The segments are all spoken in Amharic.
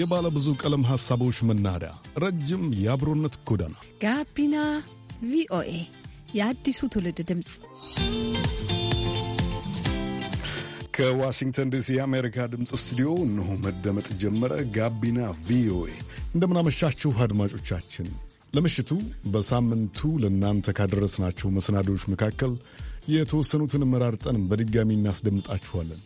የባለ ብዙ ቀለም ሐሳቦች መናኸሪያ፣ ረጅም የአብሮነት ጎዳና ጋቢና ቪኦኤ የአዲሱ ትውልድ ድምፅ ከዋሽንግተን ዲሲ የአሜሪካ ድምፅ ስቱዲዮ እነሆ መደመጥ ጀመረ። ጋቢና ቪኦኤ እንደምናመሻችሁ አድማጮቻችን። ለምሽቱ በሳምንቱ ለእናንተ ካደረስናቸው መሰናዶዎች መካከል የተወሰኑትን መራርጠን በድጋሚ እናስደምጣችኋለን።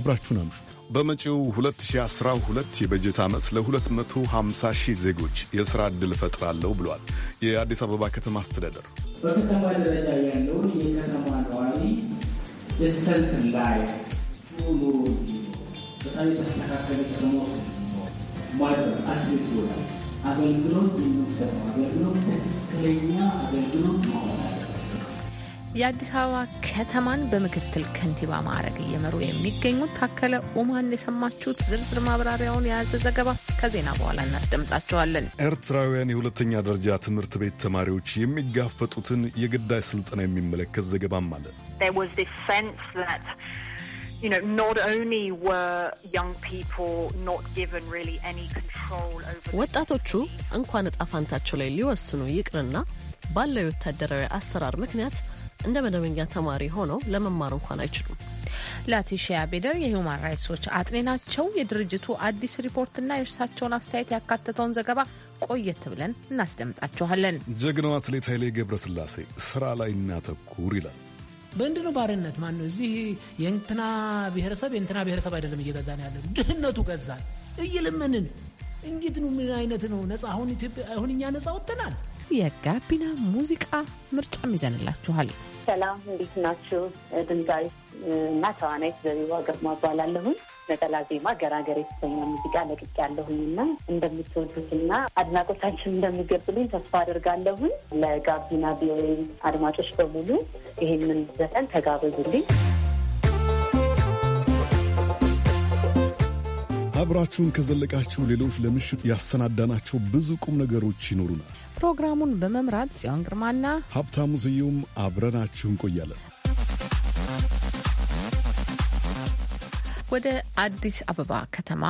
አብራችሁን አምሹ። በመጪው 2012 የበጀት ዓመት ለ250 ሺህ ዜጎች የሥራ ዕድል እፈጥራለሁ ብሏል የአዲስ አበባ ከተማ አስተዳደር። በከተማ ደረጃ ያለው የከተማ ነዋሪ የሰልፍ ላይ ኑሮ በጣም የተስተካከለ ከተማ ማድረግ አትሌት አገልግሎት የሚሰጠው አገልግሎት ትክክለኛ የአዲስ አበባ ከተማን በምክትል ከንቲባ ማዕረግ እየመሩ የሚገኙት ታከለ ኡማን የሰማችሁት። ዝርዝር ማብራሪያውን የያዘ ዘገባ ከዜና በኋላ እናስደምጣቸዋለን። ኤርትራውያን የሁለተኛ ደረጃ ትምህርት ቤት ተማሪዎች የሚጋፈጡትን የግዳጅ ስልጠና የሚመለከት ዘገባም አለ። ወጣቶቹ እንኳን እጣ ፋንታቸው ላይ ሊወስኑ ይቅርና ባለው የወታደራዊ አሰራር ምክንያት እንደ መደበኛ ተማሪ ሆነው ለመማር እንኳን አይችሉም። ላቲሺያ ቤደር የሂውማን ራይትሶች አጥኒ ናቸው። የድርጅቱ አዲስ ሪፖርትና የእርሳቸውን አስተያየት ያካተተውን ዘገባ ቆየት ብለን እናስደምጣችኋለን። ጀግናው አትሌት ኃይሌ ገብረስላሴ ስራ ላይ እናተኩር ይላል። በምንድን ነው ባርነት? ማን ነው እዚህ የእንትና ብሔረሰብ የእንትና ብሔረሰብ አይደለም እየገዛ ነው ያለን ድህነቱ ገዛል እይልምንን እንዴት ነው ምን አይነት ነው ነጻ? አሁን ኢትዮጵያ አሁን እኛ ነጻ ወጥተናል የጋቢና ሙዚቃ ምርጫም ይዘንላችኋል። ሰላም፣ እንዴት ናችሁ? ድምፃዊ እና ተዋናይት ዘቢባ ግርማ እባላለሁኝ። ነጠላ ዜማ ገራገር የተሰኘ ሙዚቃ ለቅቄያለሁኝ እና እንደምትወዱትና አድናቆታችን እንደሚገብሉኝ ተስፋ አድርጋለሁኝ። ለጋቢና ቪኦኤ አድማጮች በሙሉ ይህንን ዘፈን ተጋበዙልኝ። አብራችሁን ከዘለቃችሁ ሌሎች ለምሽት ያሰናዳናቸው ብዙ ቁም ነገሮች ይኖሩናል። ፕሮግራሙን በመምራት ጽዮን ግርማና ሀብታሙ ስዩም አብረናችሁ እንቆያለን። ወደ አዲስ አበባ ከተማ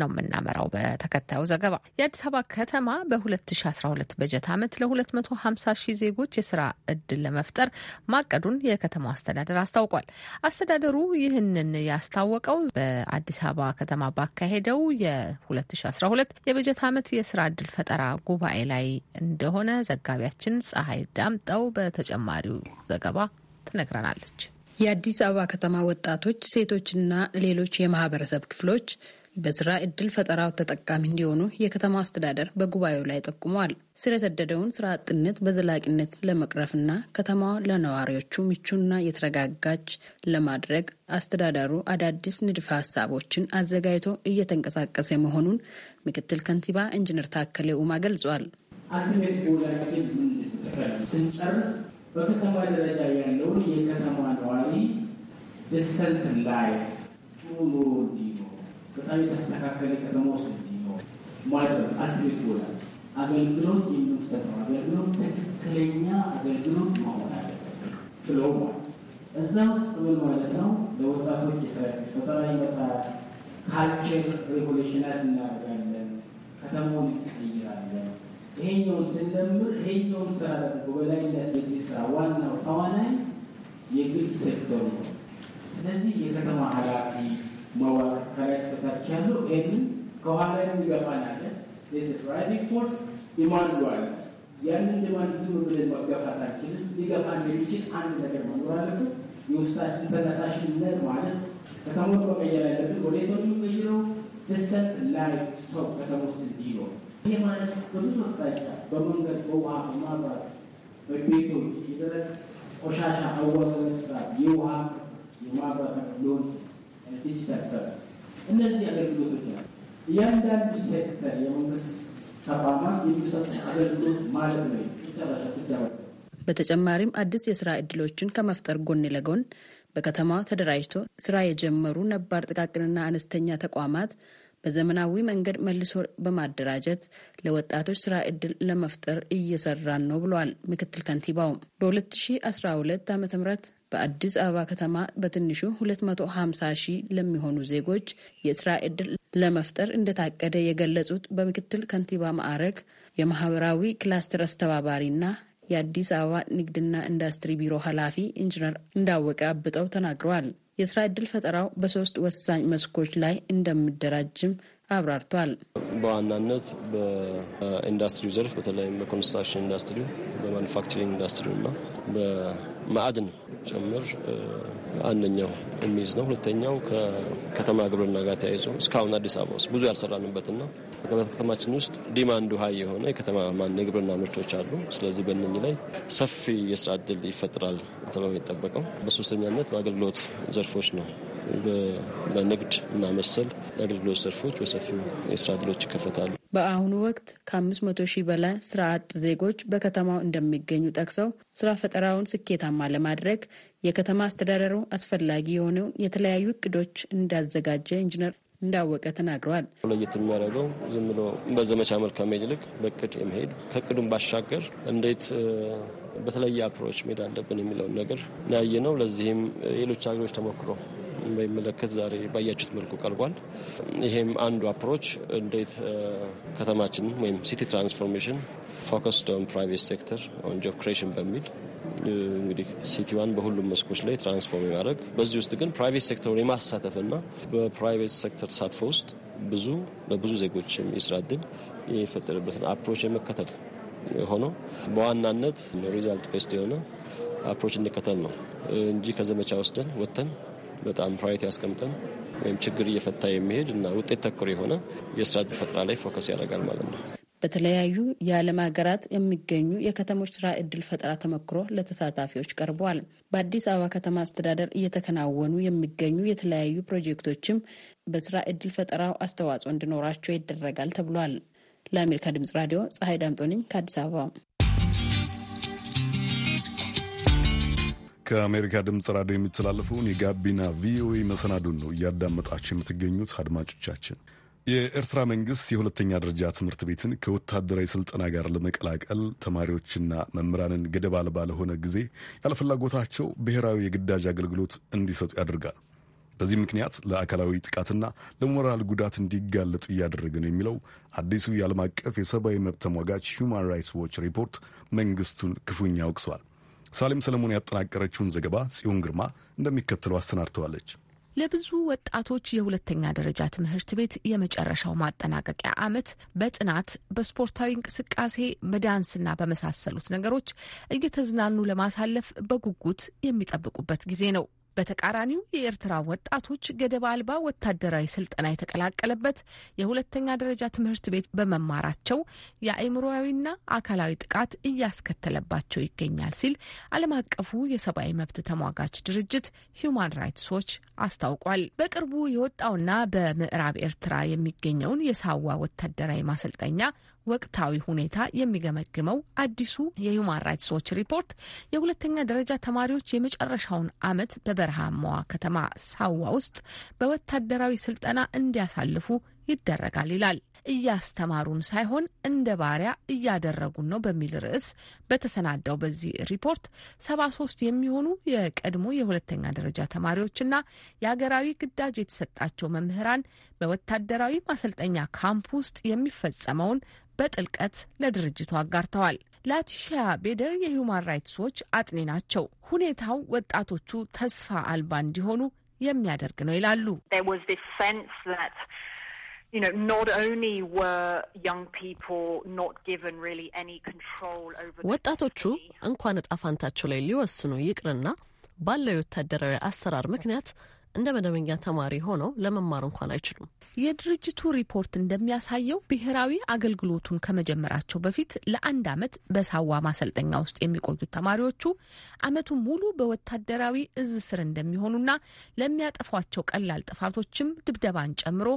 ነው የምናመራው። በተከታዩ ዘገባ የአዲስ አበባ ከተማ በ2012 በጀት ዓመት ለ250 ሺህ ዜጎች የስራ እድል ለመፍጠር ማቀዱን የከተማው አስተዳደር አስታውቋል። አስተዳደሩ ይህንን ያስታወቀው በአዲስ አበባ ከተማ ባካሄደው የ2012 የበጀት ዓመት የስራ እድል ፈጠራ ጉባኤ ላይ እንደሆነ ዘጋቢያችን ፀሐይ ዳምጠው በተጨማሪው ዘገባ ትነግረናለች። የአዲስ አበባ ከተማ ወጣቶች፣ ሴቶችና ሌሎች የማህበረሰብ ክፍሎች በስራ እድል ፈጠራው ተጠቃሚ እንዲሆኑ የከተማ አስተዳደር በጉባኤው ላይ ጠቁመዋል። ስር የሰደደውን ስራ አጥነት በዘላቂነት ለመቅረፍና ከተማዋ ለነዋሪዎቹ ምቹና የተረጋጋች ለማድረግ አስተዳደሩ አዳዲስ ንድፈ ሀሳቦችን አዘጋጅቶ እየተንቀሳቀሰ መሆኑን ምክትል ከንቲባ ኢንጂነር ታከለ ኡማ ገልጿል። በከተማ ደረጃ ያለውን የከተማ ነዋሪ ደሰንት ላይ ጥሩ በጣም የተስተካከለ ከተማዎች እንዲኖር ማለት ነው። አትሌት አገልግሎት የምንሰጠው አገልግሎት ትክክለኛ አገልግሎት መሆን አለበት። ፍለው እዛ ውስጥ ምን ማለት ነው? ለወጣቶች የስራ ፈጠራ ይመጣል። ካልቸር ሬቮሉሽናይዝ እናደርጋለን። ከተማውን እንቀይራለን። ይሄኛውን ስንለምር ይሄኛውን ስራ ደግሞ በላይነት የዚህ ስራ ዋናው ተዋናይ የግል ሴክተሩ ነው። ስለዚህ የከተማ ኃላፊ መዋቅር ከላይ እስከታች ያለው ይህንን ከኋላ የሚገፋን አለ ድራይቪንግ ፎርስ ዲማንዱ አለ። ያንን ዲማንድ ዝም ብለን መገፋታችንን ሊገፋ እንደሚችል አንድ ነገር መኖር አለበት። የውስጣችን ተነሳሽነት ማለት ከተሞች መቀየር ያለብን ወደ ቶ የሚቀይረው ድሰት ላይ ሰው ከተሞች እንዲኖር ይህ ማለት በብዙ አቅጣጫ በመንገድ በውሃ በማብራት በቤቶች የደረቅ ቆሻሻ አወጋገጥ ስራ የውሃ የማብራት ሊሆን ዲጂታል ሰርቪስ እነዚህ አገልግሎቶች ናቸው። እያንዳንዱ ሴክተር የመንግስት ተቋማት የሚሰጡ አገልግሎት ማለት ነው። መጨረሻ ስጃባ በተጨማሪም አዲስ የስራ ዕድሎችን ከመፍጠር ጎን ለጎን በከተማዋ ተደራጅቶ ስራ የጀመሩ ነባር ጥቃቅንና አነስተኛ ተቋማት በዘመናዊ መንገድ መልሶ በማደራጀት ለወጣቶች ስራ እድል ለመፍጠር እየሰራን ነው ብለዋል ምክትል ከንቲባው። በ2012 ዓ ም በአዲስ አበባ ከተማ በትንሹ 250 ሺህ ለሚሆኑ ዜጎች የስራ ዕድል ለመፍጠር እንደታቀደ የገለጹት በምክትል ከንቲባ ማዕረግ የማህበራዊ ክላስተር አስተባባሪና የአዲስ አበባ ንግድና ኢንዱስትሪ ቢሮ ኃላፊ ኢንጂነር እንዳወቀ አብጠው ተናግረዋል። የስራ ዕድል ፈጠራው በሶስት ወሳኝ መስኮች ላይ እንደሚደራጅም አብራርቷል። በዋናነት በኢንዱስትሪ ዘርፍ በተለይም በኮንስትራክሽን ኢንዱስትሪ፣ በማኑፋክቸሪንግ ኢንዱስትሪ እና በማዕድን ጭምር አንደኛው የሚይዝ ነው። ሁለተኛው ከከተማ ግብርና ጋር ተያይዞ እስካሁን አዲስ አበባ ውስጥ ብዙ ያልሰራንበትና ከተማችን ውስጥ ዲማንዱ ሀይ የሆነ የከተማ ማን የግብርና ምርቶች አሉ። ስለዚህ በእነኚህ ላይ ሰፊ የስራ እድል ይፈጥራል ተብሎ የሚጠበቀው በሶስተኛነት በአገልግሎት ዘርፎች ነው በንግድ እና መሰል አገልግሎት ዘርፎች በሰፊው የስራ እድሎች ይከፈታሉ። በአሁኑ ወቅት ከ500 ሺህ በላይ ስራ አጥ ዜጎች በከተማው እንደሚገኙ ጠቅሰው ስራ ፈጠራውን ስኬታማ ለማድረግ የከተማ አስተዳደሩ አስፈላጊ የሆነው የተለያዩ እቅዶች እንዳዘጋጀ ኢንጂነር እንዳወቀ ተናግረዋል። ለየት የሚያደርገው ዝም ብሎ በዘመቻ መልካም መሄድ ይልቅ በእቅድ የመሄድ ከእቅዱን ባሻገር እንዴት በተለየ አፕሮች መሄድ አለብን የሚለውን ነገር ያየ ነው። ለዚህም ሌሎች ሀገሮች ተሞክሮ በሚመለከት ዛሬ ባያችሁት መልኩ ቀርቧል። ይሄም አንዱ አፕሮች እንዴት ከተማችን ወይም ሲቲ ትራንስፎርሜሽን ፎከስድ ኦን ፕራይቬት ሴክተር ኦን ጆብ ክሬሽን በሚል እንግዲህ ሲቲዋን በሁሉም መስኮች ላይ ትራንስፎርም የማድረግ በዚህ ውስጥ ግን ፕራይቬት ሴክተሩን የማሳተፍና በፕራይቬት ሴክተር ተሳትፎ ውስጥ ብዙ ለብዙ ዜጎች የስራ እድል የፈጠረበትን አፕሮች የመከተል ሆኖ በዋናነት ሪዛልት ቤስድ የሆነ አፕሮች እንከተል ነው እንጂ ከዘመቻ ወስደን ወጥተን በጣም ፕራዮሪቲ ያስቀምጠን ወይም ችግር እየፈታ የሚሄድ እና ውጤት ተኮር የሆነ የስራ ዕድል ፈጠራ ላይ ፎከስ ያደርጋል ማለት ነው። በተለያዩ የዓለም ሀገራት የሚገኙ የከተሞች ስራ እድል ፈጠራ ተመክሮ ለተሳታፊዎች ቀርበዋል። በአዲስ አበባ ከተማ አስተዳደር እየተከናወኑ የሚገኙ የተለያዩ ፕሮጀክቶችም በስራ እድል ፈጠራው አስተዋጽኦ እንዲኖራቸው ይደረጋል ተብሏል። ለአሜሪካ ድምጽ ራዲዮ ፀሐይ ዳምጦ ነኝ ከአዲስ አበባ ከአሜሪካ ድምፅ ራዲዮ የሚተላለፈውን የጋቢና ቪኦኤ መሰናዱን ነው እያዳመጣችሁ የምትገኙት አድማጮቻችን። የኤርትራ መንግስት የሁለተኛ ደረጃ ትምህርት ቤትን ከወታደራዊ ስልጠና ጋር ለመቀላቀል ተማሪዎችና መምህራንን ገደብ አልባ ለሆነ ጊዜ ያለፍላጎታቸው ብሔራዊ የግዳጅ አገልግሎት እንዲሰጡ ያደርጋል። በዚህ ምክንያት ለአካላዊ ጥቃትና ለሞራል ጉዳት እንዲጋለጡ እያደረገ ነው የሚለው አዲሱ የዓለም አቀፍ የሰብአዊ መብት ተሟጋች ሁማን ራይትስ ዎች ሪፖርት መንግስቱን ክፉኛ አውቅሷል። ሳሌም ሰለሞን ያጠናቀረችውን ዘገባ ጽዮን ግርማ እንደሚከተለው አሰናድተዋለች። ለብዙ ወጣቶች የሁለተኛ ደረጃ ትምህርት ቤት የመጨረሻው ማጠናቀቂያ ዓመት በጥናት በስፖርታዊ እንቅስቃሴ በዳንስና በመሳሰሉት ነገሮች እየተዝናኑ ለማሳለፍ በጉጉት የሚጠብቁበት ጊዜ ነው። በተቃራኒው የኤርትራ ወጣቶች ገደብ አልባ ወታደራዊ ስልጠና የተቀላቀለበት የሁለተኛ ደረጃ ትምህርት ቤት በመማራቸው የአእምሮዊና አካላዊ ጥቃት እያስከተለባቸው ይገኛል ሲል ዓለም አቀፉ የሰብአዊ መብት ተሟጋች ድርጅት ሂዩማን ራይትስ ዎች አስታውቋል። በቅርቡ የወጣውና በምዕራብ ኤርትራ የሚገኘውን የሳዋ ወታደራዊ ማሰልጠኛ ወቅታዊ ሁኔታ የሚገመግመው አዲሱ የሁማን ራይትስ ዎች ሪፖርት የሁለተኛ ደረጃ ተማሪዎች የመጨረሻውን ዓመት በበረሃማዋ ከተማ ሳዋ ውስጥ በወታደራዊ ስልጠና እንዲያሳልፉ ይደረጋል ይላል። እያስተማሩን ሳይሆን እንደ ባሪያ እያደረጉን ነው በሚል ርዕስ በተሰናዳው በዚህ ሪፖርት ሰባ ሶስት የሚሆኑ የቀድሞ የሁለተኛ ደረጃ ተማሪዎችና የሀገራዊ ግዳጅ የተሰጣቸው መምህራን በወታደራዊ ማሰልጠኛ ካምፕ ውስጥ የሚፈጸመውን በጥልቀት ለድርጅቱ አጋርተዋል። ላቲሻያ ቤደር የሁማን ራይትስ ዎች አጥኔ ናቸው። ሁኔታው ወጣቶቹ ተስፋ አልባ እንዲሆኑ የሚያደርግ ነው ይላሉ። you know, not only were young people not given really any control over ወጣቶቹ እንኳን እጣ ፋንታቸው ላይ ሊወስኑ ይቅርና ባለው ወታደራዊ አሰራር ምክንያት እንደ መደበኛ ተማሪ ሆነው ለመማር እንኳን አይችሉም። የድርጅቱ ሪፖርት እንደሚያሳየው ብሔራዊ አገልግሎቱን ከመጀመራቸው በፊት ለአንድ ዓመት በሳዋ ማሰልጠኛ ውስጥ የሚቆዩት ተማሪዎቹ ዓመቱን ሙሉ በወታደራዊ እዝ ስር እንደሚሆኑና ለሚያጠፏቸው ቀላል ጥፋቶችም ድብደባን ጨምሮ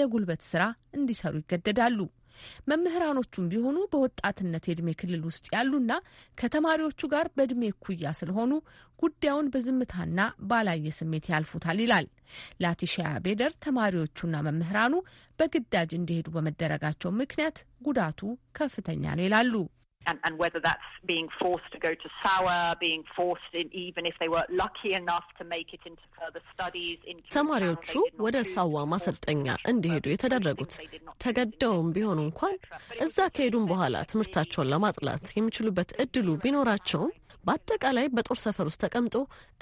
የጉልበት ስራ እንዲሰሩ ይገደዳሉ። መምህራኖቹም ቢሆኑ በወጣትነት የእድሜ ክልል ውስጥ ያሉና ከተማሪዎቹ ጋር በእድሜ እኩያ ስለሆኑ ጉዳዩን በዝምታና ባላየ ስሜት ያልፉታል ይላል። ላቲሻያ ቤደር ተማሪዎቹና መምህራኑ በግዳጅ እንዲሄዱ በመደረጋቸው ምክንያት ጉዳቱ ከፍተኛ ነው ይላሉ። and, and, whether that's being forced to go to sour, being forced in, even if they were lucky enough to make it into further studies. ተማሪዎቹ ወደ ሳዋ ማሰልጠኛ እንዲሄዱ የተደረጉት ተገደውም ቢሆኑ እንኳን እዛ ከሄዱም በኋላ ትምህርታቸውን ለማጥላት የሚችሉበት እድሉ ቢኖራቸውም በአጠቃላይ በጦር ሰፈር ውስጥ ተቀምጦ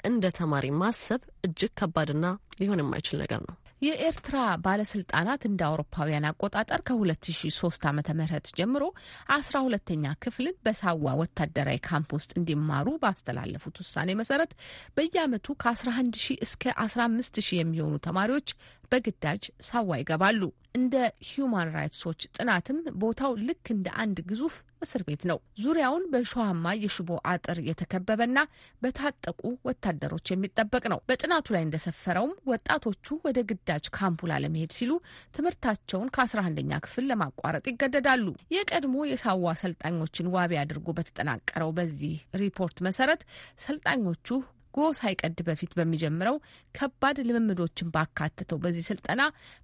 እንደ ተማሪ ማሰብ እጅግ ከባድና ሊሆን የማይችል ነገር ነው። የኤርትራ ባለስልጣናት እንደ አውሮፓውያን አቆጣጠር ከ2003 ዓ ም ጀምሮ 12ተኛ ክፍልን በሳዋ ወታደራዊ ካምፕ ውስጥ እንዲማሩ ባስተላለፉት ውሳኔ መሰረት በየአመቱ ከ11 ሺ እስከ 15 ሺ የሚሆኑ ተማሪዎች በግዳጅ ሳዋ ይገባሉ። እንደ ሂዩማን ራይትስ ዎች ጥናትም ቦታው ልክ እንደ አንድ ግዙፍ እስር ቤት ነው። ዙሪያውን በእሾሃማ የሽቦ አጥር የተከበበና በታጠቁ ወታደሮች የሚጠበቅ ነው። ጥናቱ ላይ እንደሰፈረውም ወጣቶቹ ወደ ግዳጅ ካምፑ ላለመሄድ ሲሉ ትምህርታቸውን ከ11ኛ ክፍል ለማቋረጥ ይገደዳሉ። የቀድሞ የሳዋ ሰልጣኞችን ዋቢ አድርጎ በተጠናቀረው በዚህ ሪፖርት መሰረት ሰልጣኞቹ ጎ ሳይቀድ በፊት በሚጀምረው ከባድ ልምምዶችን ባካተተው በዚህ ስልጠና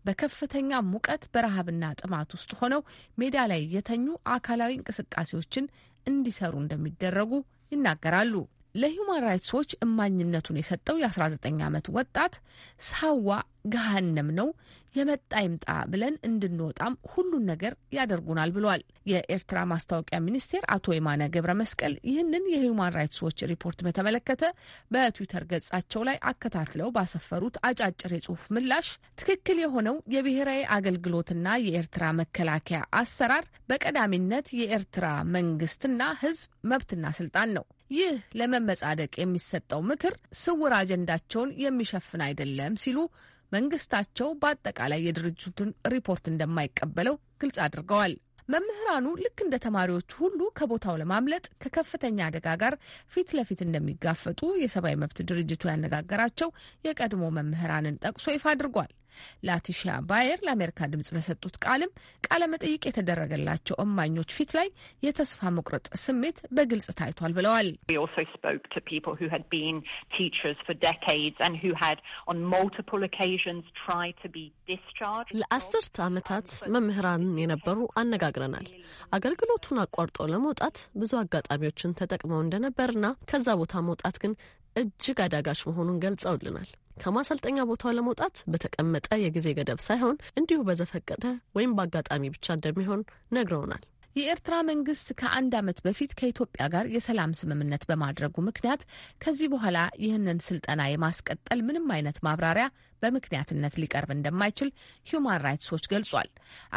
በከፍተኛ ሙቀት በረሃብና ጥማት ውስጥ ሆነው ሜዳ ላይ የተኙ አካላዊ እንቅስቃሴዎችን እንዲሰሩ እንደሚደረጉ ይናገራሉ። ለሂዩማን ራይትስ ዎች እማኝነቱን የሰጠው የ19 ዓመት ወጣት ሳዋ ገሃነም ነው የመጣ ይምጣ ብለን እንድንወጣም ሁሉን ነገር ያደርጉናል ብሏል። የኤርትራ ማስታወቂያ ሚኒስቴር አቶ የማነ ገብረ መስቀል ይህንን የሂውማን ራይትስ ዎች ሪፖርት በተመለከተ በትዊተር ገጻቸው ላይ አከታትለው ባሰፈሩት አጫጭር የጽሁፍ ምላሽ ትክክል የሆነው የብሔራዊ አገልግሎትና የኤርትራ መከላከያ አሰራር በቀዳሚነት የኤርትራ መንግስትና ህዝብ መብትና ስልጣን ነው ይህ ለመመጻደቅ የሚሰጠው ምክር ስውር አጀንዳቸውን የሚሸፍን አይደለም ሲሉ መንግስታቸው በአጠቃላይ የድርጅቱን ሪፖርት እንደማይቀበለው ግልጽ አድርገዋል። መምህራኑ ልክ እንደ ተማሪዎቹ ሁሉ ከቦታው ለማምለጥ ከከፍተኛ አደጋ ጋር ፊት ለፊት እንደሚጋፈጡ የሰብአዊ መብት ድርጅቱ ያነጋገራቸው የቀድሞ መምህራንን ጠቅሶ ይፋ አድርጓል። ላቲሺያ ባየር ለአሜሪካ ድምጽ በሰጡት ቃልም ቃለ መጠይቅ የተደረገላቸው እማኞች ፊት ላይ የተስፋ መቁረጥ ስሜት በግልጽ ታይቷል ብለዋል። ለአስርት ዓመታት መምህራንን የነበሩ አነጋግረናል። አገልግሎቱን አቋርጠው ለመውጣት ብዙ አጋጣሚዎችን ተጠቅመው እንደነበርና ከዛ ቦታ መውጣት ግን እጅግ አዳጋች መሆኑን ገልጸውልናል። ከማሰልጠኛ ቦታው ለመውጣት በተቀመጠ የጊዜ ገደብ ሳይሆን እንዲሁ በዘፈቀደ ወይም በአጋጣሚ ብቻ እንደሚሆን ነግረውናል። የኤርትራ መንግስት ከአንድ ዓመት በፊት ከኢትዮጵያ ጋር የሰላም ስምምነት በማድረጉ ምክንያት ከዚህ በኋላ ይህንን ስልጠና የማስቀጠል ምንም አይነት ማብራሪያ በምክንያትነት ሊቀርብ እንደማይችል ሂዩማን ራይትስ ዎች ገልጿል።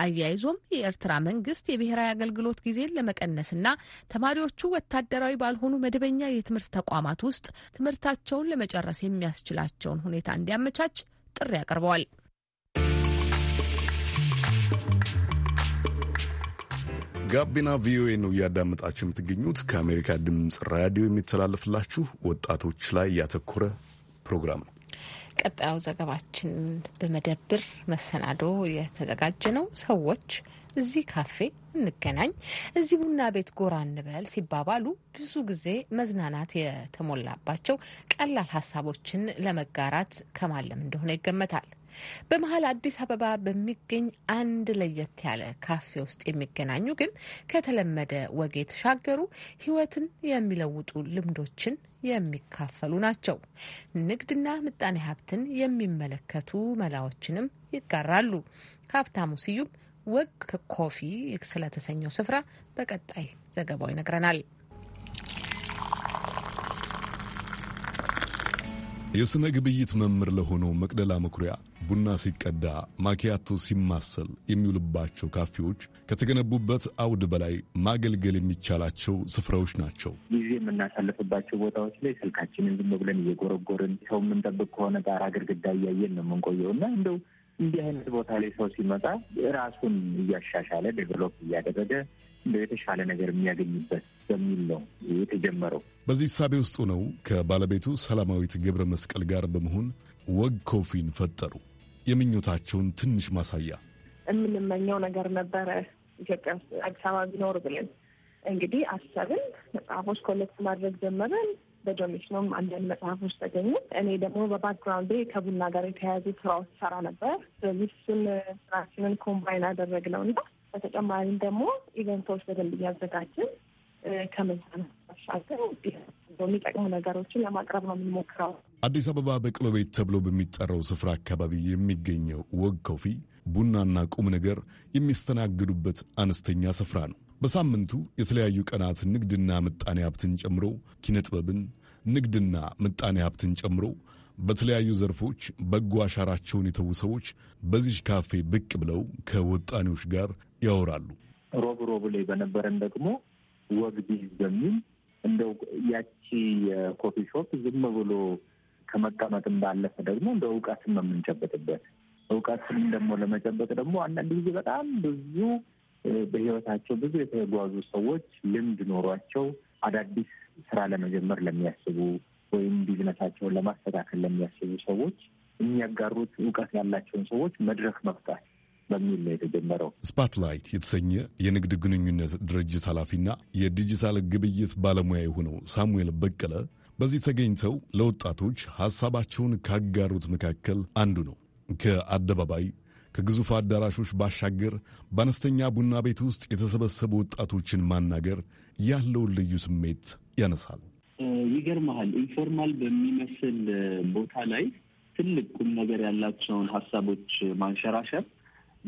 አያይዞም የኤርትራ መንግስት የብሔራዊ አገልግሎት ጊዜን ለመቀነስና ተማሪዎቹ ወታደራዊ ባልሆኑ መደበኛ የትምህርት ተቋማት ውስጥ ትምህርታቸውን ለመጨረስ የሚያስችላቸውን ሁኔታ እንዲያመቻች ጥሪ አቅርበዋል። ጋቢና ቪኦኤ ነው እያዳመጣችሁ የምትገኙት። ከአሜሪካ ድምፅ ራዲዮ የሚተላለፍላችሁ ወጣቶች ላይ ያተኮረ ፕሮግራም ነው። ቀጣዩ ዘገባችን በመደብር መሰናዶ የተዘጋጀ ነው። ሰዎች እዚህ ካፌ እንገናኝ፣ እዚህ ቡና ቤት ጎራ እንበል ሲባባሉ ብዙ ጊዜ መዝናናት የተሞላባቸው ቀላል ሀሳቦችን ለመጋራት ከማለም እንደሆነ ይገመታል። በመሀል አዲስ አበባ በሚገኝ አንድ ለየት ያለ ካፌ ውስጥ የሚገናኙ ግን ከተለመደ ወግ የተሻገሩ ሕይወትን የሚለውጡ ልምዶችን የሚካፈሉ ናቸው። ንግድና ምጣኔ ሀብትን የሚመለከቱ መላዎችንም ይጋራሉ። ሀብታሙ ስዩም ወግ ኮፊ ስለተሰኘው ስፍራ በቀጣይ ዘገባው ይነግረናል። የሥነ ግብይት መምህር ለሆነው መቅደላ መኩሪያ ቡና ሲቀዳ ማኪያቶ ሲማሰል የሚውልባቸው ካፌዎች ከተገነቡበት አውድ በላይ ማገልገል የሚቻላቸው ስፍራዎች ናቸው። ጊዜ የምናሳልፍባቸው ቦታዎች ላይ ስልካችንን ዝም ብለን እየጎረጎርን ሰው የምንጠብቅ ከሆነ ጣራ ግድግዳ እያየን ነው የምንቆየው እና እንደው እንዲህ አይነት ቦታ ላይ ሰው ሲመጣ ራሱን እያሻሻለ ዴቨሎፕ እያደረገ የተሻለ ነገር የሚያገኝበት በሚል ነው የተጀመረው። በዚህ ሳቤ ውስጡ ነው ከባለቤቱ ሰላማዊት ገብረ መስቀል ጋር በመሆን ወግ ኮፊን ፈጠሩ። የምኞታቸውን ትንሽ ማሳያ የምንመኘው ነገር ነበረ ኢትዮጵያ ውስጥ አዲስ አበባ ቢኖር ብለን እንግዲህ አሰብን። መጽሐፎች ኮሌክት ማድረግ ጀመረን። በዶሜሽኖም አንዳንድ መጽሐፎች ተገኙ። እኔ ደግሞ በባክግራውንድ ከቡና ጋር የተያያዙ ስራዎች ሰራ ነበር። ስለዚህ እሱን ስራችንን ኮምባይን አደረግነው እና በተጨማሪም ደግሞ ኢቨንቶች በደንብ እያዘጋጅን ከመዝናናት ባሻገር የሚጠቅሙ ነገሮችን ለማቅረብ ነው የምንሞክረው። አዲስ አበባ በቅሎ ቤት ተብሎ በሚጠራው ስፍራ አካባቢ የሚገኘው ወግ ኮፊ ቡናና ቁም ነገር የሚስተናግዱበት አነስተኛ ስፍራ ነው። በሳምንቱ የተለያዩ ቀናት ንግድና ምጣኔ ሀብትን ጨምሮ ኪነጥበብን፣ ንግድና ምጣኔ ሀብትን ጨምሮ በተለያዩ ዘርፎች በጎ አሻራቸውን የተዉ ሰዎች በዚህ ካፌ ብቅ ብለው ከወጣኔዎች ጋር ያወራሉ። ሮብ ሮብ ላይ በነበረን ደግሞ ወግ ቢዝ በሚል እንደው ያቺ የኮፊ ሾፕ ዝም ብሎ ከመቀመጥም ባለፈ ደግሞ እንደ እውቀትም የምንጨበጥበት እውቀትም ደግሞ ለመጨበጥ ደግሞ አንዳንድ ጊዜ በጣም ብዙ በህይወታቸው ብዙ የተጓዙ ሰዎች ልምድ ኖሯቸው አዳዲስ ስራ ለመጀመር ለሚያስቡ ወይም ቢዝነሳቸውን ለማስተካከል ለሚያስቡ ሰዎች የሚያጋሩት እውቀት ያላቸውን ሰዎች መድረክ መፍጣት በሚል ነው የተጀመረው። ስፓትላይት የተሰኘ የንግድ ግንኙነት ድርጅት ኃላፊና የዲጂታል ግብይት ባለሙያ የሆነው ሳሙኤል በቀለ በዚህ ተገኝተው ለወጣቶች ሀሳባቸውን ካጋሩት መካከል አንዱ ነው። ከአደባባይ ከግዙፍ አዳራሾች ባሻገር በአነስተኛ ቡና ቤት ውስጥ የተሰበሰቡ ወጣቶችን ማናገር ያለውን ልዩ ስሜት ያነሳል። ይገርመሃል፣ ኢንፎርማል በሚመስል ቦታ ላይ ትልቅ ቁም ነገር ያላቸውን ሀሳቦች ማንሸራሸር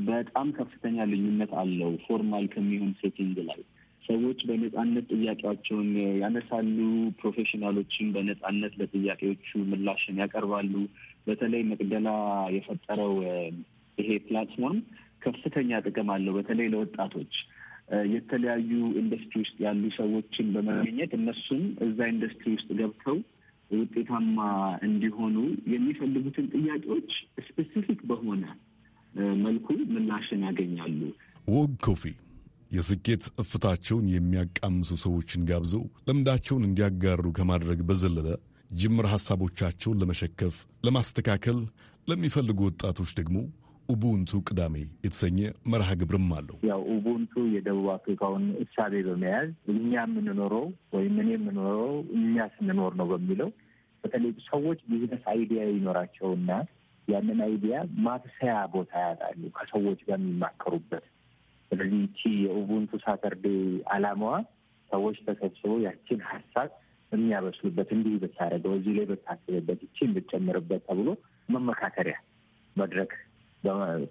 በጣም ከፍተኛ ልዩነት አለው። ፎርማል ከሚሆን ሴቲንግ ላይ ሰዎች በነጻነት ጥያቄያቸውን ያነሳሉ። ፕሮፌሽናሎችን በነጻነት ለጥያቄዎቹ ምላሽን ያቀርባሉ። በተለይ መቅደላ የፈጠረው ይሄ ፕላትፎርም ከፍተኛ ጥቅም አለው። በተለይ ለወጣቶች የተለያዩ ኢንዱስትሪ ውስጥ ያሉ ሰዎችን በመገኘት እነሱም እዛ ኢንዱስትሪ ውስጥ ገብተው ውጤታማ እንዲሆኑ የሚፈልጉትን ጥያቄዎች ስፔሲፊክ በሆነ መልኩ ምላሽን ያገኛሉ። ወግ ኮፊ የስኬት እፍታቸውን የሚያቃምሱ ሰዎችን ጋብዞ ልምዳቸውን እንዲያጋሩ ከማድረግ በዘለለ ጅምር ሐሳቦቻቸውን ለመሸከፍ፣ ለማስተካከል ለሚፈልጉ ወጣቶች ደግሞ ኡቡንቱ ቅዳሜ የተሰኘ መርሃ ግብርም አለው። ያው ኡቡንቱ የደቡብ አፍሪካውን እሳቤ በመያዝ እኛ የምንኖረው ወይም እኔ የምኖረው እኛ ስንኖር ነው በሚለው በተለይ ሰዎች ቢዝነስ አይዲያ ይኖራቸውና ያንን አይዲያ ማብሰያ ቦታ ያጣሉ ከሰዎች ጋር የሚማከሩበት። ስለዚህ ቺ የኡቡንቱ ሳተርዴ አላማዋ ሰዎች ተሰብስበው ያችን ሀሳብ የሚያበስሉበት እንዲህ ብታደርገው፣ እዚህ ላይ ብታስብበት፣ ይቺ ብትጨምርበት ተብሎ መመካከሪያ መድረክ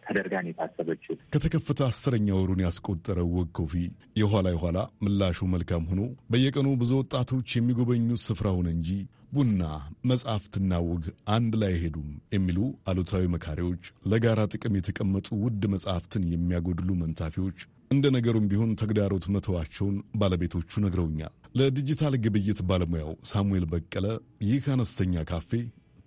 ተደርጋን የታሰበችው ከተከፈተ አስረኛ ወሩን ያስቆጠረው ወግ ኮፊ የኋላ የኋላ ምላሹ መልካም ሆኖ በየቀኑ ብዙ ወጣቶች የሚጎበኙት ስፍራ ሆነ እንጂ ቡና፣ መጽሐፍትና ውግ አንድ ላይ አይሄዱም የሚሉ አሉታዊ መካሪዎች፣ ለጋራ ጥቅም የተቀመጡ ውድ መጽሐፍትን የሚያጎድሉ መንታፊዎች፣ እንደ ነገሩም ቢሆን ተግዳሮት መተዋቸውን ባለቤቶቹ ነግረውኛል። ለዲጂታል ግብይት ባለሙያው ሳሙኤል በቀለ ይህ አነስተኛ ካፌ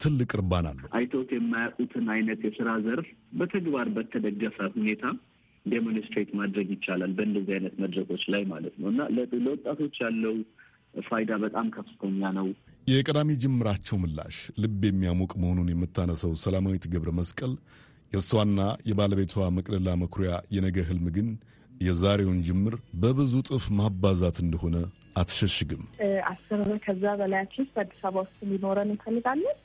ትልቅ እርባና አለው። አይቶት የማያውቁትን አይነት የስራ ዘርፍ በተግባር በተደገፈ ሁኔታ ዴሞንስትሬት ማድረግ ይቻላል፣ በእንደዚህ አይነት መድረኮች ላይ ማለት ነው እና ለወጣቶች ያለው ፋይዳ በጣም ከፍተኛ ነው። የቀዳሚ ጅምራቸው ምላሽ ልብ የሚያሞቅ መሆኑን የምታነሰው ሰላማዊት ገብረ መስቀል የእሷና የባለቤቷ መቅደላ መኩሪያ የነገ ህልም ግን የዛሬውን ጅምር በብዙ ጥፍ ማባዛት እንደሆነ አትሸሽግም። አስር ከዛ በላይ አትሊስት በአዲስ አበባ ውስጥ ሊኖረን እንፈልጋለን።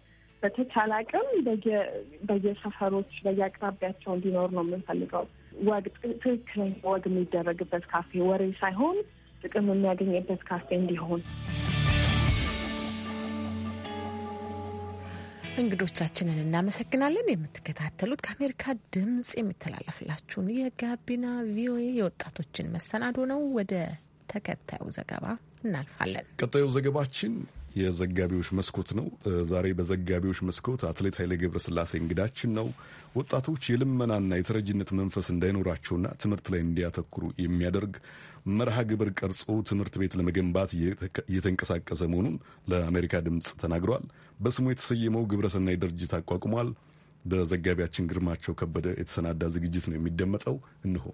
በተቻለ አቅም በየሰፈሮች በየአቅራቢያቸው እንዲኖር ነው የምንፈልገው። ወግ ትክክለኛ ወግ የሚደረግበት ካፌ፣ ወሬ ሳይሆን ጥቅም የሚያገኝበት ካፌ እንዲሆን እንግዶቻችንን እናመሰግናለን። የምትከታተሉት ከአሜሪካ ድምጽ የሚተላለፍላችሁን የጋቢና ቪኦኤ የወጣቶችን መሰናዶ ነው። ወደ ተከታዩ ዘገባ እናልፋለን። ቀጣዩ ዘገባችን የዘጋቢዎች መስኮት ነው። ዛሬ በዘጋቢዎች መስኮት አትሌት ኃይሌ ገብረስላሴ እንግዳችን ነው። ወጣቶች የልመናና የተረጅነት መንፈስ እንዳይኖራቸውና ትምህርት ላይ እንዲያተኩሩ የሚያደርግ መርሃ ግብር ቀርጾ ትምህርት ቤት ለመገንባት እየተንቀሳቀሰ መሆኑን ለአሜሪካ ድምፅ ተናግረዋል። በስሙ የተሰየመው ግብረሰናይ ድርጅት አቋቁሟል። በዘጋቢያችን ግርማቸው ከበደ የተሰናዳ ዝግጅት ነው የሚደመጠው። እንሆ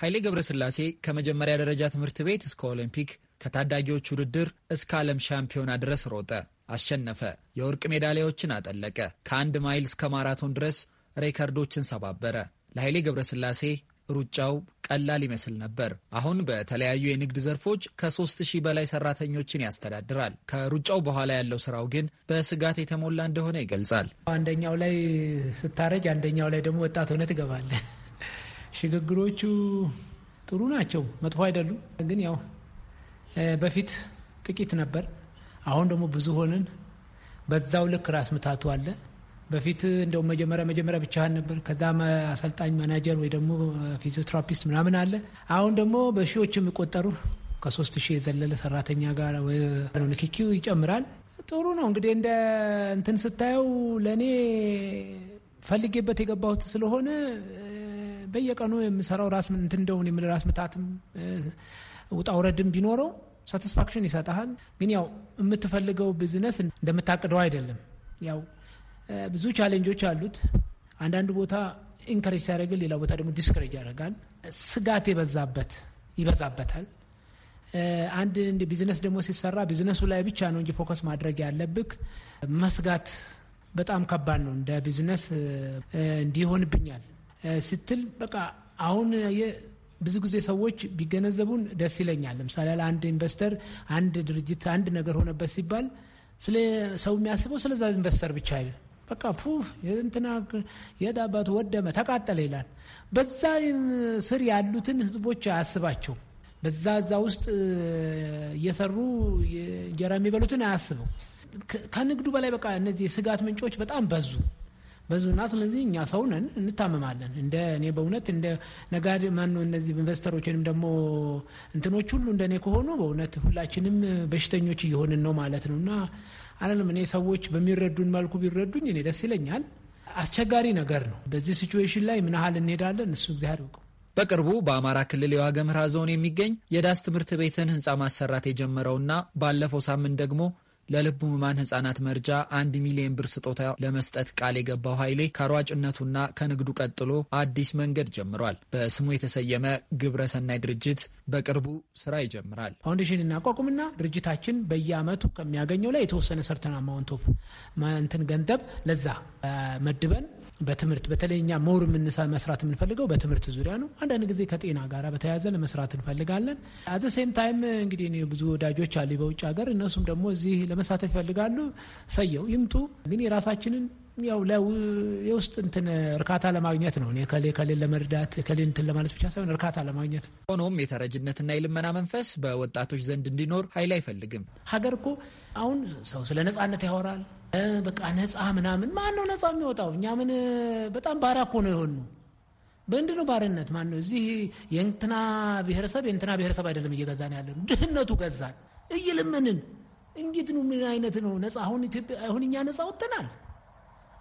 ኃይሌ ገብረስላሴ ከመጀመሪያ ደረጃ ትምህርት ቤት እስከ ኦሎምፒክ ከታዳጊዎች ውድድር እስከ ዓለም ሻምፒዮና ድረስ ሮጠ፣ አሸነፈ፣ የወርቅ ሜዳሊያዎችን አጠለቀ። ከአንድ ማይል እስከ ማራቶን ድረስ ሬከርዶችን ሰባበረ። ለኃይሌ ገብረስላሴ ሩጫው ቀላል ይመስል ነበር። አሁን በተለያዩ የንግድ ዘርፎች ከሶስት ሺህ በላይ ሰራተኞችን ያስተዳድራል። ከሩጫው በኋላ ያለው ስራው ግን በስጋት የተሞላ እንደሆነ ይገልጻል። አንደኛው ላይ ስታረጅ፣ አንደኛው ላይ ደግሞ ወጣት ሆነ ትገባለ። ሽግግሮቹ ጥሩ ናቸው፣ መጥፎ አይደሉም። ግን ያው በፊት ጥቂት ነበር፣ አሁን ደግሞ ብዙ ሆንን። በዛው ልክ ራስ ምታቱ አለ። በፊት እንደው መጀመሪያ መጀመሪያ ብቻህን ነበር። ከዛ አሰልጣኝ ማናጀር፣ ወይ ደግሞ ፊዚዮትራፒስት ምናምን አለ። አሁን ደግሞ በሺዎች የሚቆጠሩ ከሶስት ሺህ የዘለለ ሰራተኛ ጋር ንክኪው ይጨምራል። ጥሩ ነው እንግዲህ እንደ እንትን ስታየው ለእኔ ፈልጌበት የገባሁት ስለሆነ በየቀኑ የምሰራው ራስ እንትን እንደሆን የምል ራስ ምታትም ውጣ ውረድም ቢኖረው ሳቲስፋክሽን ይሰጠሃል። ግን ያው የምትፈልገው ቢዝነስ እንደምታቅደው አይደለም ያው ብዙ ቻሌንጆች አሉት። አንዳንድ ቦታ ኢንከሬጅ ሲያደርግን፣ ሌላ ቦታ ደግሞ ዲስከሬጅ ያደርጋል። ስጋት የበዛበት ይበዛበታል። አንድ ቢዝነስ ደግሞ ሲሰራ ቢዝነሱ ላይ ብቻ ነው እንጂ ፎከስ ማድረግ ያለብክ መስጋት በጣም ከባድ ነው። እንደ ቢዝነስ እንዲሆንብኛል ስትል በቃ አሁን ብዙ ጊዜ ሰዎች ቢገነዘቡን ደስ ይለኛል። ለምሳሌ አንድ ኢንቨስተር አንድ ድርጅት አንድ ነገር ሆነበት ሲባል ስለ ሰው የሚያስበው ስለዛ ኢንቨስተር ብቻ በቃ ፉ የእንትና የት አባቱ ወደመ ተቃጠለ ይላል። በዛ ስር ያሉትን ህዝቦች አያስባቸው። በዛ እዛ ውስጥ እየሰሩ እንጀራ የሚበሉትን አያስበው። ከንግዱ በላይ በቃ እነዚህ የስጋት ምንጮች በጣም በዙ በዙና ስለዚህ እኛ ሰውነን እንታመማለን። እንደ እኔ በእውነት እንደ ነጋዴ ማነው እነዚህ ኢንቨስተሮች ወይም ደግሞ እንትኖች ሁሉ እንደ እኔ ከሆኑ በእውነት ሁላችንም በሽተኞች እየሆንን ነው ማለት ነው እና አለም እኔ ሰዎች በሚረዱን መልኩ ቢረዱኝ እኔ ደስ ይለኛል። አስቸጋሪ ነገር ነው። በዚህ ሲችዌሽን ላይ ምን ያህል እንሄዳለን እሱ እግዚአብሔር ያውቀው። በቅርቡ በአማራ ክልል የዋገምራ ዞን የሚገኝ የዳስ ትምህርት ቤትን ህንፃ ማሰራት የጀመረውና ባለፈው ሳምንት ደግሞ ለልቡ ህሙማን ህጻናት መርጃ አንድ ሚሊዮን ብር ስጦታ ለመስጠት ቃል የገባው ኃይሌ ከሯጭነቱና ከንግዱ ቀጥሎ አዲስ መንገድ ጀምሯል። በስሙ የተሰየመ ግብረሰናይ ድርጅት በቅርቡ ስራ ይጀምራል። ፋውንዴሽን እናቋቁምና ድርጅታችን በየአመቱ ከሚያገኘው ላይ የተወሰነ ሰርተና አማውንት እንትን ገንዘብ ለዛ መድበን በትምህርት በተለይ እኛ መውር መስራት የምንፈልገው በትምህርት ዙሪያ ነው። አንዳንድ ጊዜ ከጤና ጋር በተያያዘ ለመስራት እንፈልጋለን። አዘ ሴም ታይም እንግዲህ ብዙ ወዳጆች አሉ በውጭ ሀገር፣ እነሱም ደግሞ እዚህ ለመሳተፍ ይፈልጋሉ። ሰየው ይምጡ። ግን የራሳችንን ያው የውስጥ እንትን እርካታ ለማግኘት ነው። ከሌ ከሌን ለመርዳት ከሌ እንትን ለማለት ብቻ ሳይሆን እርካታ ለማግኘት ነው። ሆኖም የተረጅነትና የልመና መንፈስ በወጣቶች ዘንድ እንዲኖር ኃይል አይፈልግም። ሀገር እኮ አሁን ሰው ስለ ነጻነት ያወራል፣ በቃ ነፃ ምናምን ማን ነው ነፃ የሚወጣው? እኛ ምን በጣም ባሪያ እኮ ነው የሆኑ። በምንድን ነው ባርነት? ማን ነው እዚህ የእንትና ብሔረሰብ የእንትና ብሔረሰብ አይደለም እየገዛን ያለን ድህነቱ ገዛን እይልምንን እንዴት ነው? ምን አይነት ነው ነፃ? አሁን ኢትዮጵያ አሁን እኛ ነፃ ወጥተናል።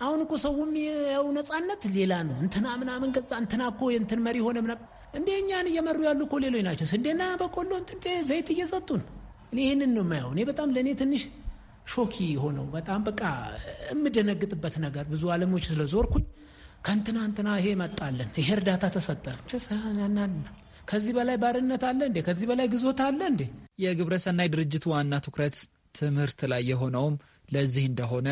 አሁን እኮ ሰውም ያው ነፃነት ሌላ ነው። እንትና ምናምን ገዛ እንትና እኮ የእንትን መሪ ሆነ ምናምን። እንዴ እኛን እየመሩ ያሉ እኮ ሌሎች ናቸው። ስንዴና በቆሎ እንትን ዘይት እየሰጡን። እኔ ይህንን ነው የማየው። እኔ በጣም ለእኔ ትንሽ ሾኪ የሆነው በጣም በቃ የምደነግጥበት ነገር ብዙ አለሞች ስለዞርኩኝ ከእንትና እንትና ይሄ መጣለን፣ ይሄ እርዳታ ተሰጠ። ከዚህ በላይ ባርነት አለ እንዴ? ከዚህ በላይ ግዞት አለ እንዴ? የግብረሰናይ ድርጅቱ ዋና ትኩረት ትምህርት ላይ የሆነውም ለዚህ እንደሆነ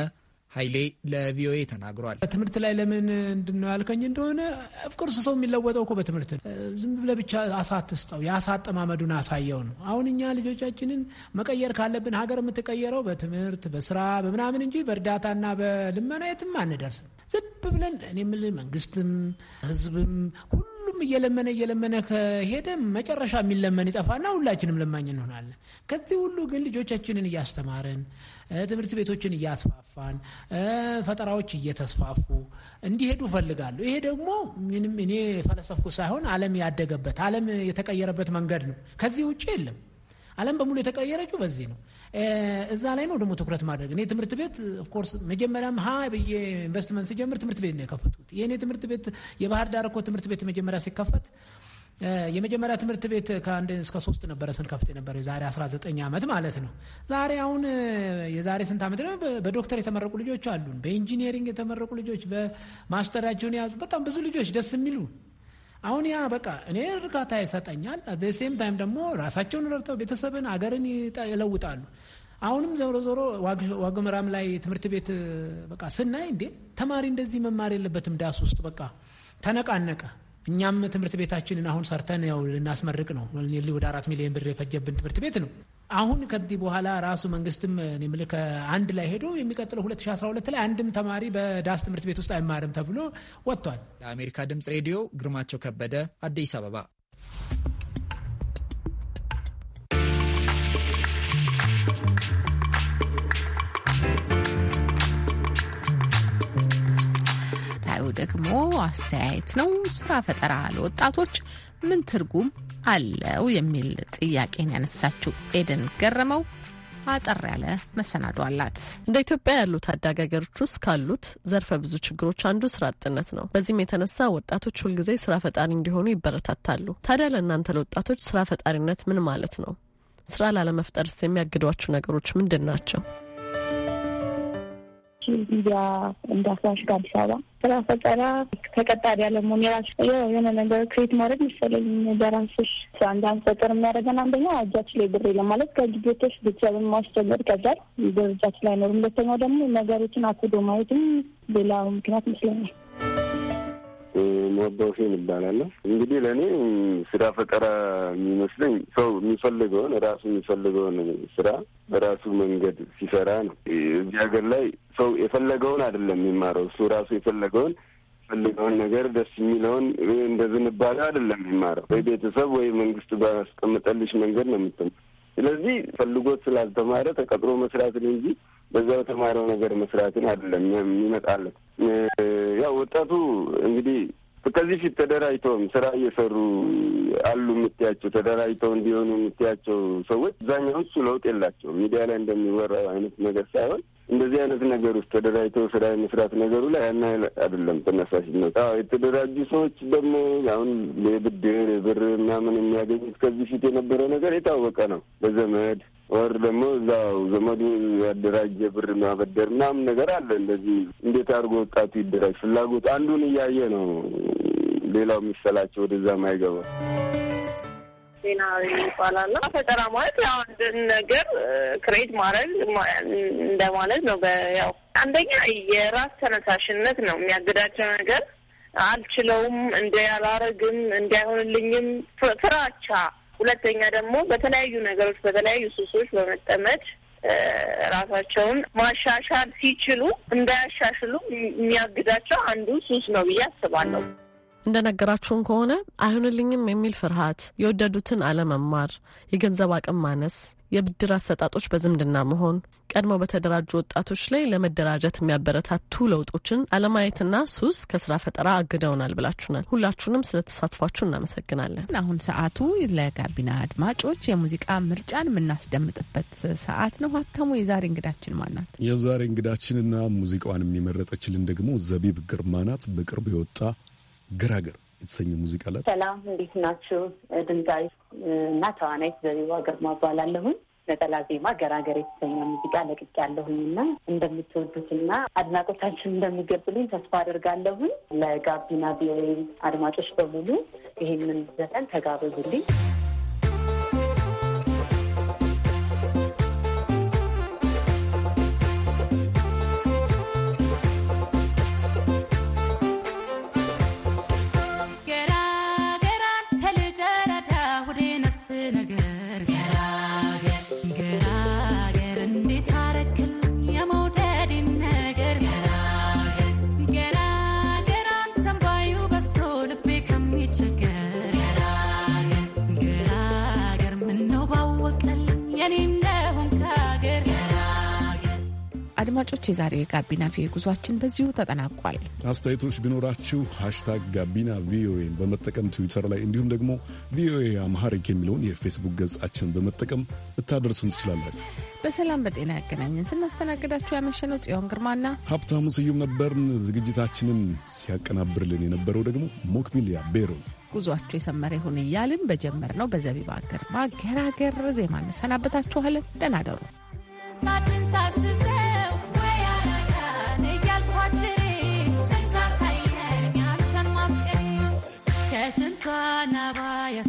ኃይሌ ለቪኦኤ ተናግሯል። በትምህርት ላይ ለምን እንድነው ያልከኝ እንደሆነ ኦፍኮርስ ሰው የሚለወጠው እኮ በትምህርት ዝም ብለህ ብቻ አሳ አትስጠው፣ የአሳ አጠማመዱን አሳየው ነው። አሁን እኛ ልጆቻችንን መቀየር ካለብን ሀገር የምትቀየረው በትምህርት በስራ በምናምን እንጂ በእርዳታና በልመና የትም አንደርስም። ዝም ብለን እኔ የምልህ መንግስትም ህዝብም ሁሉ እየለመነ እየለመነ ከሄደ መጨረሻ የሚለመን ይጠፋና ሁላችንም ለማኝ እንሆናለን። ከዚህ ሁሉ ግን ልጆቻችንን እያስተማርን ትምህርት ቤቶችን እያስፋፋን ፈጠራዎች እየተስፋፉ እንዲሄዱ እፈልጋለሁ። ይሄ ደግሞ ምንም እኔ ፈለሰፍኩ ሳይሆን ዓለም ያደገበት ዓለም የተቀየረበት መንገድ ነው። ከዚህ ውጭ የለም። ዓለም በሙሉ የተቀየረችው በዚህ ነው። እዛ ላይ ነው ደግሞ ትኩረት ማድረግ። እኔ ትምህርት ቤት ኦፍኮርስ መጀመሪያም ሀ ብዬ ኢንቨስትመንት ስጀምር ትምህርት ቤት ነው የከፈቱት። የእኔ ትምህርት ቤት የባህር ዳር እኮ ትምህርት ቤት መጀመሪያ ሲከፈት የመጀመሪያ ትምህርት ቤት ከአንድ እስከ ሶስት ነበረ ስንከፍት የነበረው የዛሬ 19 ዓመት ማለት ነው። ዛሬ አሁን የዛሬ ስንት ዓመት ደግሞ በዶክተር የተመረቁ ልጆች አሉን፣ በኢንጂኒሪንግ የተመረቁ ልጆች፣ በማስተራቸውን የያዙ በጣም ብዙ ልጆች ደስ የሚሉ አሁን ያ በቃ እኔ እርካታ ይሰጠኛል። ሴም ታይም ደግሞ ራሳቸውን ረድተው ቤተሰብን፣ አገርን ይለውጣሉ። አሁንም ዞሮ ዞሮ ዋግምራም ላይ ትምህርት ቤት በቃ ስናይ እንዴ ተማሪ እንደዚህ መማር የለበትም ዳስ ውስጥ በቃ ተነቃነቀ። እኛም ትምህርት ቤታችንን አሁን ሰርተን ያው ልናስመርቅ ነው። ወደ አራት ሚሊዮን ብር የፈጀብን ትምህርት ቤት ነው። አሁን ከዚህ በኋላ ራሱ መንግስትም ምል አንድ ላይ ሄዶ የሚቀጥለው 2012 ላይ አንድም ተማሪ በዳስ ትምህርት ቤት ውስጥ አይማርም ተብሎ ወጥቷል። ለአሜሪካ ድምፅ ሬዲዮ ግርማቸው ከበደ አዲስ አበባ። ደግሞ አስተያየት ነው። ስራ ፈጠራ ለወጣቶች ምን ትርጉም አለው የሚል ጥያቄን ያነሳችው ኤደን ገረመው አጠር ያለ መሰናዶ አላት። እንደ ኢትዮጵያ ያሉ ታዳጊ ሀገሮች ውስጥ ካሉት ዘርፈ ብዙ ችግሮች አንዱ ስራ አጥነት ነው። በዚህም የተነሳ ወጣቶች ሁልጊዜ ስራ ፈጣሪ እንዲሆኑ ይበረታታሉ። ታዲያ ለእናንተ ለወጣቶች ስራ ፈጣሪነት ምን ማለት ነው? ስራ ላለመፍጠርስ የሚያግዷችሁ ነገሮች ምንድን ናቸው? ሚዲያ እንዳስራሽ አዲስ አበባ ስራ ፈጠራ ተቀጣሪ ያለመሆን የራስ የሆነ ነገር ክሬት ማድረግ መሰለኝ በራስሽ ስራ እንዳንፈጠር የሚያደርገን አንደኛ እጃችን ላይ ብር የለም ማለት ከልጆች ቤተሰብን ማስጀመር ይከብዳል። ብር እጃችን ላይ አይኖርም። ሁለተኛው ደግሞ ነገሮችን አክዶ ማየትም ሌላው ምክንያት ይመስለኛል። መወደው ሴን ይባላለሁ። እንግዲህ ለእኔ ስራ ፈጠራ የሚመስለኝ ሰው የሚፈልገውን ራሱ የሚፈልገውን ስራ በራሱ መንገድ ሲሰራ ነው። እዚህ ሀገር ላይ ሰው የፈለገውን አይደለም የሚማረው እሱ ራሱ የፈለገውን ፈልገውን ነገር ደስ የሚለውን እንደ ዝንባሌ አይደለም የሚማረው። ወይ ቤተሰብ ወይ መንግስት ባስቀምጠልሽ መንገድ ነው የምትማ ስለዚህ ፈልጎት ስላልተማረ ተቀጥሮ መስራትን እንጂ በዛ በተማረው ነገር መስራትን አይደለም የሚመጣለት። ያው ወጣቱ እንግዲህ ከዚህ ፊት ተደራጅተውም ስራ እየሰሩ አሉ የምትያቸው ተደራጅተው እንዲሆኑ የምትያቸው ሰዎች አብዛኛዎቹ ለውጥ የላቸውም። ሚዲያ ላይ እንደሚወራው አይነት ነገር ሳይሆን እንደዚህ አይነት ነገር ውስጥ ተደራጅቶ ስራ የመስራት ነገሩ ላይ ያን ያህል አይደለም ተነሳሽነት። አዎ የተደራጁ ሰዎች ደግሞ አሁን የብድር ብር ምናምን የሚያገኙት ከዚህ ፊት የነበረ ነገር የታወቀ ነው። በዘመድ ወር ደግሞ እዛው ዘመዱ ያደራጀ ብር ማበደር ምናምን ነገር አለ። እንደዚህ እንዴት አድርጎ ወጣቱ ይደራጅ? ፍላጎት አንዱን እያየ ነው ሌላው የሚሰላቸው ወደዛ ማይገባ ዜና ይባላል። ፈጠራ ማለት ያው አንድን ነገር ክሬት ማድረግ እንደማለት ነው። ያው አንደኛ የራስ ተነሳሽነት ነው የሚያግዳቸው ነገር አልችለውም፣ እንደ ያላረግም፣ እንዳይሆንልኝም ፍራቻ። ሁለተኛ ደግሞ በተለያዩ ነገሮች በተለያዩ ሱሶች በመጠመድ ራሳቸውን ማሻሻል ሲችሉ እንዳያሻሽሉ የሚያግዳቸው አንዱ ሱስ ነው ብዬ አስባለሁ። እንደነገራችሁን ከሆነ አይሆንልኝም የሚል ፍርሃት፣ የወደዱትን አለመማር፣ የገንዘብ አቅም ማነስ፣ የብድር አሰጣጦች በዝምድና መሆን፣ ቀድሞ በተደራጁ ወጣቶች ላይ ለመደራጀት የሚያበረታቱ ለውጦችን አለማየትና ሱስ ከስራ ፈጠራ አግደውናል ብላችሁናል። ሁላችሁንም ስለተሳትፏችሁ እናመሰግናለን። አሁን ሰዓቱ ለጋቢና አድማጮች የሙዚቃ ምርጫን የምናስደምጥበት ሰዓት ነው። ሀብታሙ፣ የዛሬ እንግዳችን ማናት? የዛሬ እንግዳችንና ሙዚቃዋን የሚመረጠችልን ደግሞ ዘቢብ ግርማ ናት። በቅርብ የወጣ ገራገር የተሰኘ ሙዚቃ ላት። ሰላም እንዴት ናችሁ? ድምፃዊ እና ተዋናይት ዘቢባ ግርማ እባላለሁኝ። ነጠላ ዜማ ገራገር የተሰኘ ሙዚቃ ለቅቄያለሁኝ እና እንደምትወዱትና አድናቆታችን እንደሚገብሉኝ ተስፋ አደርጋለሁኝ። ለጋቢና ቪኦኤ አድማጮች በሙሉ ይህንን ዘፈን ተጋበዙልኝ። አድማጮች የዛሬው የጋቢና ቪኦኤ ጉዟችን በዚሁ ተጠናቋል። አስተያየቶች ቢኖራችሁ ሃሽታግ ጋቢና ቪኦኤን በመጠቀም ትዊተር ላይ እንዲሁም ደግሞ ቪኦኤ አምሃሪክ የሚለውን የፌስቡክ ገጻችን በመጠቀም ልታደርሱን ትችላላችሁ። በሰላም በጤና ያገናኘን። ስናስተናግዳችሁ ያመሸነው ጽዮን ግርማና ሀብታሙ ስዩም ነበርን። ዝግጅታችንን ሲያቀናብርልን የነበረው ደግሞ ሞክቢሊያ ቤሮ ጉዟችሁ የሰመረ ይሁን እያልን ነው በዘቢባ ግርማ ገራገር ዜማ እንሰናበታችኋለን። ደህና ደሩ። Cuernavaca,